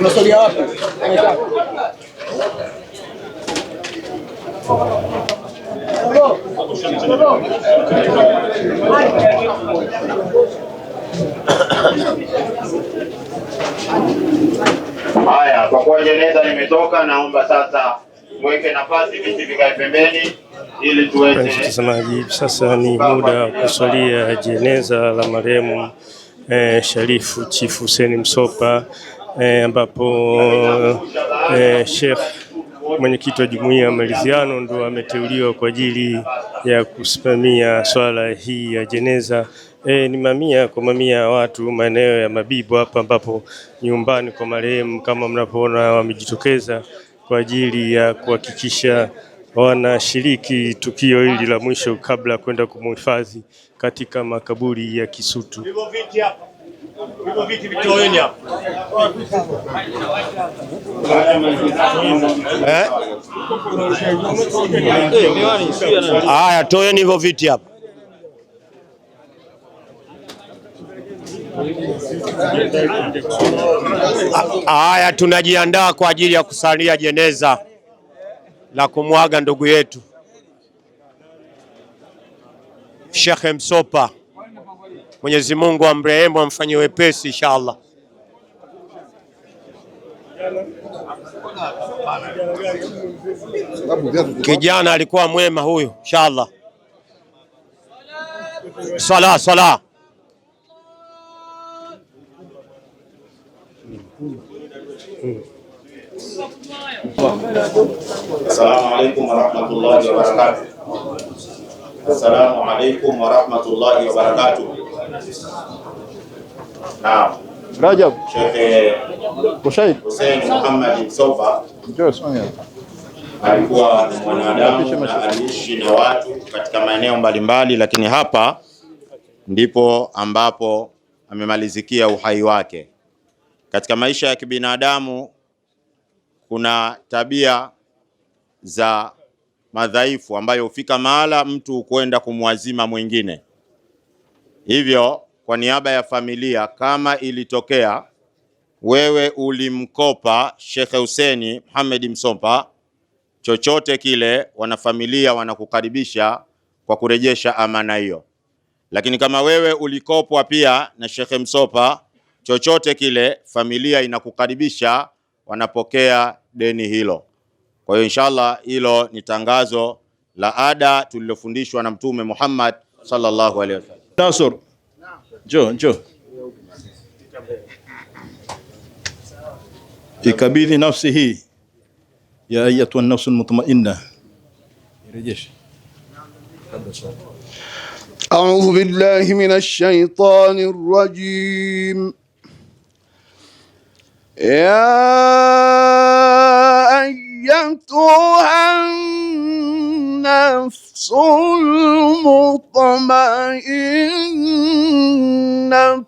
Unasogea wapi? Haya, kwa kuwa jeneza limetoka, naomba sasa mweke nafasi, viti vikae pembeni ili tuweze. Mtazamaji, sasa ni muda wa kusalia jeneza la marehemu eh, Sharifu Chifu Hussein Msopa eh, ambapo eh, Sheikh mwenyekiti wa jumuiya ya maridhiano ndo ameteuliwa kwa ajili ya kusimamia swala hii ya jeneza. E, ni mamia kwa mamia ya watu maeneo ya Mabibu hapa ambapo nyumbani kwa marehemu kama mnapoona wamejitokeza kwa ajili ya kuhakikisha wanashiriki tukio hili la mwisho kabla ya kwenda kumhifadhi katika makaburi ya Kisutu. Eh? Haya, toeni hivyo viti hapa. Haya, tunajiandaa kwa ajili ya kusalia jeneza la kumwaga ndugu yetu Sheikh Msopa. Mwenyezi Mungu amrehemu, amfanye wepesi inshallah. Kijana alikuwa mwema huyu, inshallah. Sala sala hmm. Hmm. Assalamu alaikum warahmatullahi wabarakatuh. Assalamu alaikum warahmatullahi wabarakatuh. Naam. Rajab. Sheikh Hussein Muhammad Msofa alikuwa mwanadamu na aliishi na watu katika maeneo mbalimbali, lakini hapa ndipo ambapo amemalizikia uhai wake katika maisha ya kibinadamu kuna tabia za madhaifu ambayo hufika mahala mtu kwenda kumwazima mwingine. Hivyo kwa niaba ya familia, kama ilitokea wewe ulimkopa Shekhe Huseni Muhammad Msompa chochote kile, wanafamilia wanakukaribisha kwa kurejesha amana hiyo. Lakini kama wewe ulikopwa pia na Shekhe Msopa chochote kile, familia inakukaribisha wanapokea deni hilo. Kwa hiyo inshallah, hilo ni tangazo la ada tulilofundishwa na Mtume Muhammad sallallahu alaihi wasallam. Nasr, njoo njoo, ikabidhi nafsi hii ya ayatu nafsul mutmainna. Rejesha. A'udhu billahi minash shaitani rrajim يا أيتها النفس المطمئنة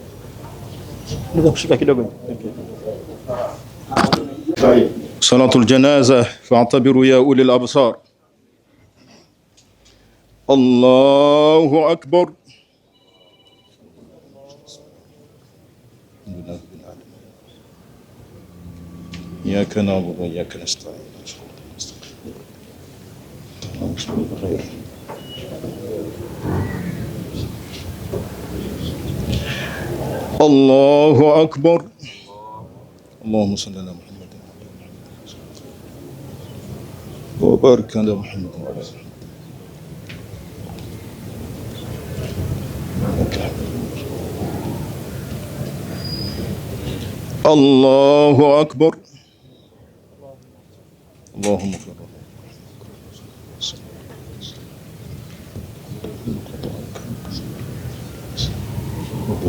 nikushika kidogo. Salatul janaza fa'tabiru ya ulil absar. Allahu akbar. إياك نعبد وإياك نستعين الله أكبر اللهم صل على محمد وبارك على محمد وعلى الله أكبر اللهم صل على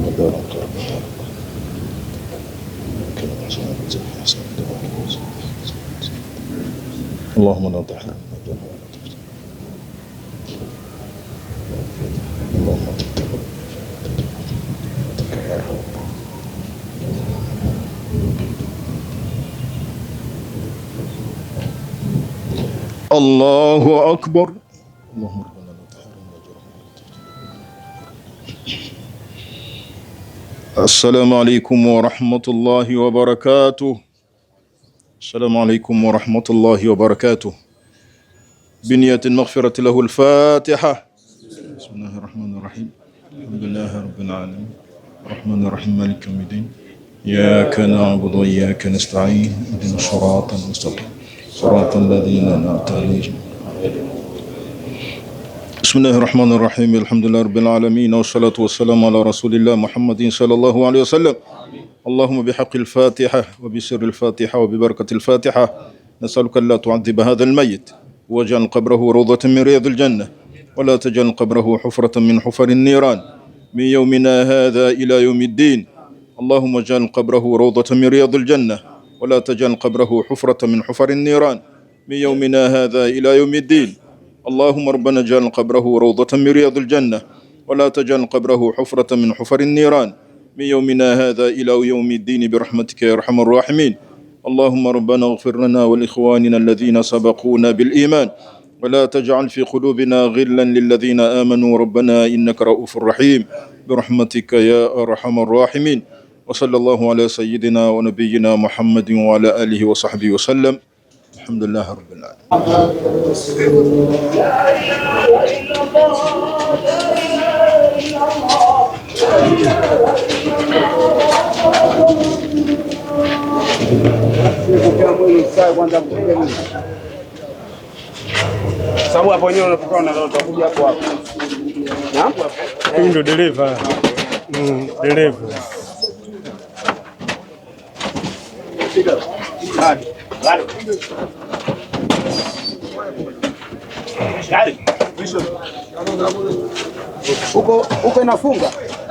محمد اللهم لا تحرمنا اجرها ولا تفتن اللهم الله أكبر اللهم ربنا لا تحرمنا السلام عليكم ورحمة الله وبركاته السلام عليكم ورحمة الله وبركاته بنية المغفرة له الفاتحة بسم الله الرحمن الرحيم الحمد لله رب العالمين الرحمن الرحيم مالك يوم الدين إياك نعبد وإياك نستعين اهدنا الصراط المستقيم صراط الذين أنعمت عليهم بسم الله الرحمن الرحيم الحمد لله رب العالمين والصلاة والسلام على رسول الله محمد صلى الله عليه وسلم آمين. اللهم بحق الفاتحة وبسر الفاتحة وببركة الفاتحة نسألك لا تعذب هذا الميت واجعل قبره روضة من رياض الجنة ولا تجعل قبره حفرة من حفر النيران من يومنا هذا إلى يوم الدين اللهم اجعل قبره روضة من رياض الجنة ولا تجعل قبره حفرة من حفر النيران من يومنا هذا إلى يوم الدين اللهم ربنا اجعل قبره روضة من رياض الجنة ولا تجعل قبره حفرة من حفر النيران من يومنا هذا إلى يوم الدين برحمتك يا أرحم الراحمين اللهم ربنا اغفر لنا ولإخواننا الذين سبقونا بالإيمان ولا تجعل في قلوبنا غلا للذين آمنوا ربنا إنك رؤوف رحيم برحمتك يا أرحم الراحمين وصلى الله على سيدنا ونبينا محمد وعلى آله وصحبه وسلم الحمد لله رب العالمين Sababu hapo wenyewe unatokana na loto kuja hapo hapo. Huyu ndio dereva. Mm, dereva. Huko huko inafunga.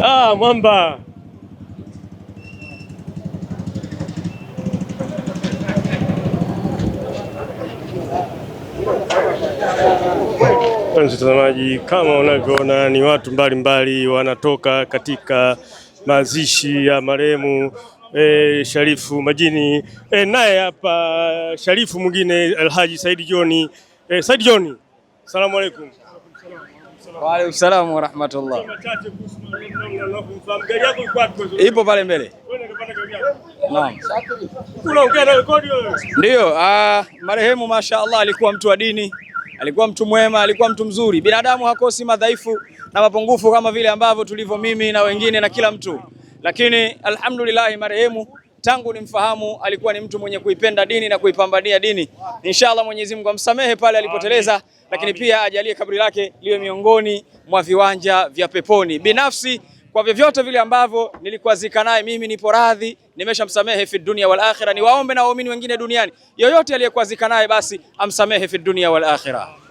Ah, mwamba mtazamaji, kama unavyoona ni watu mbalimbali mbali, wanatoka katika mazishi ya marehemu e, Sharifu Majini e, naye hapa Sharifu mwingine Alhaji Saidi Joni e, eh, Saidi Joni, salamu alaikum. Wa alaykum salamu wa rahmatullah. Ipo pale mbele. Ndiyo, ah, marehemu Allah alikuwa mtu wa dini, alikuwa mtu mwema, alikuwa mtu mzuri. Binadamu hakosi madhaifu na mapungufu kama vile ambavyo tulivyo mimi na wengine na kila mtu, lakini alhamdulillah marehemu tangu nimfahamu alikuwa ni mtu mwenye kuipenda dini na kuipambania dini. Inshallah Mwenyezi Mungu amsamehe pale alipoteleza, lakini pia ajalie kaburi lake liwe miongoni mwa viwanja vya peponi. Binafsi kwa vyovyote vile ambavyo nilikuwazika naye, mimi nipo radhi, nimeshamsamehe fi dunia wal akhirah. Niwaombe na waumini wengine duniani, yoyote aliyekuwazika naye basi amsamehe fi dunia wal akhirah.